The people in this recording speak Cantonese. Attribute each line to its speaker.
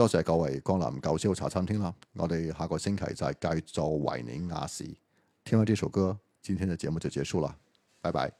Speaker 1: 多謝各位光臨九霄茶餐廳啦！我哋下個星期就係繼續為您亞視，聽翻呢首歌。今天嘅節目就結束啦，拜拜。